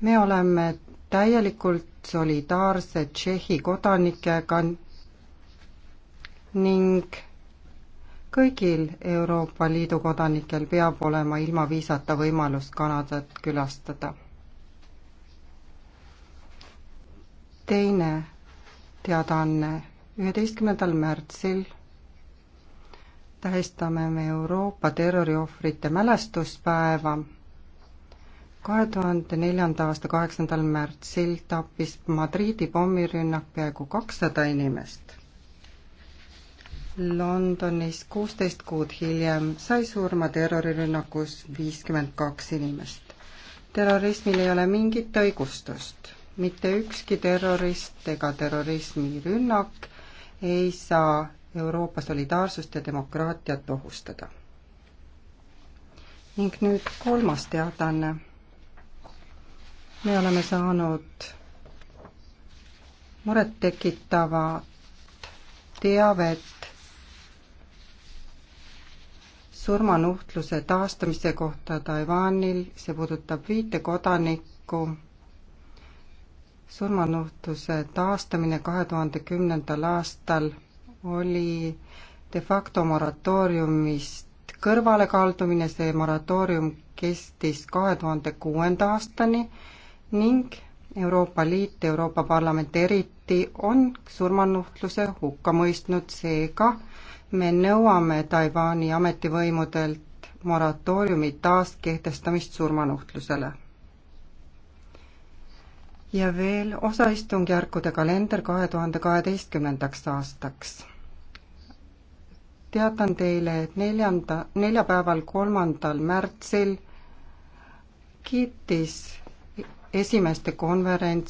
me oleme täielikult solidaarsed Tšehhi kodanikega ning kõigil Euroopa Liidu kodanikel peab olema ilma viisata võimalus Kanadat külastada. teine teadaanne, üheteistkümnendal märtsil tähistame me Euroopa terroriohvrite mälestuspäeva kahe tuhande neljanda aasta kaheksandal märtsil tappis Madriidi pommirünnak peaaegu kakssada inimest. Londonis kuusteist kuud hiljem sai surma terrorirünnakus viiskümmend kaks inimest. terrorismil ei ole mingit õigustust. mitte ükski terrorist ega terrorismirünnak ei saa Euroopa solidaarsust ja demokraatiat ohustada. ning nüüd kolmas teadaanne me oleme saanud murettekitavat teavet surmanuhtluse taastamise kohta Taiwanil, see puudutab viite kodanikku. surmanuhtluse taastamine kahe tuhande kümnendal aastal oli de facto moratooriumist kõrvalekaldumine, see moratoorium kestis kahe tuhande kuuenda aastani ning Euroopa Liit, Euroopa Parlament eriti, on surmanuhtluse hukka mõistnud, seega me nõuame Taiwan'i ametivõimudelt moratooriumi taaskehtestamist surmanuhtlusele. ja veel osaistungjärkude kalender kahe tuhande kaheteistkümnendaks aastaks. teatan teile, et neljanda, neljapäeval, kolmandal märtsil kiitis esimeste konverents